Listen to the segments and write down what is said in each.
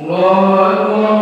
الله أكبر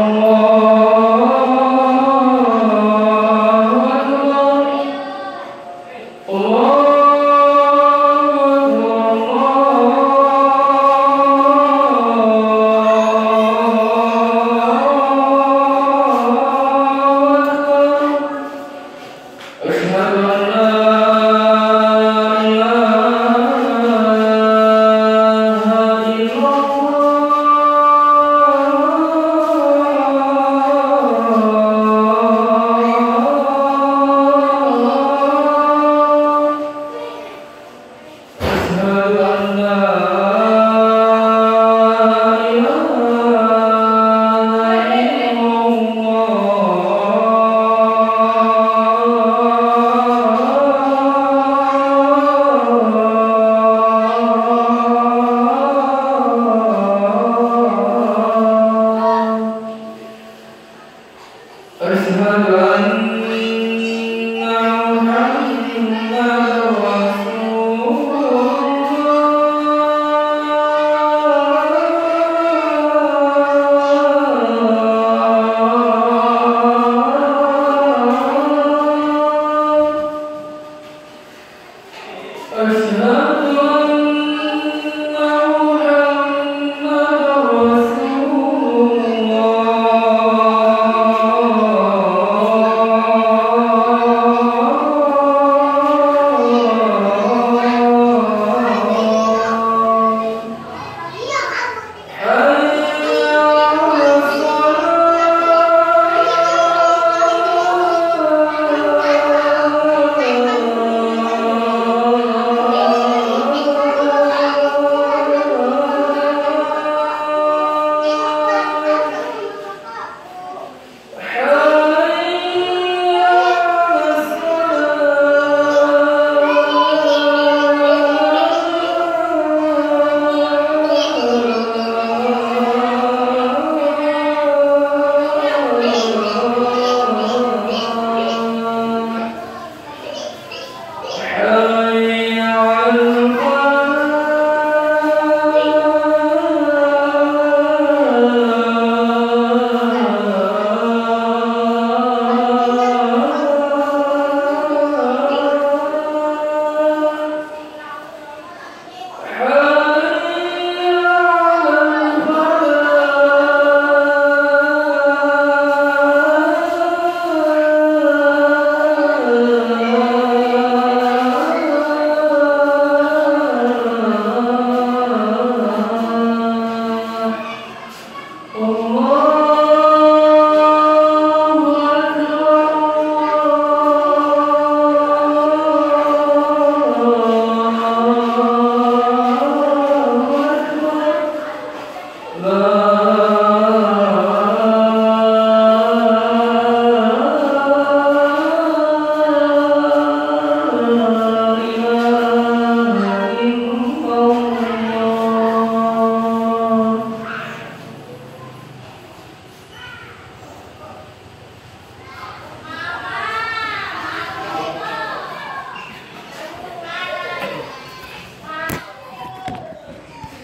love.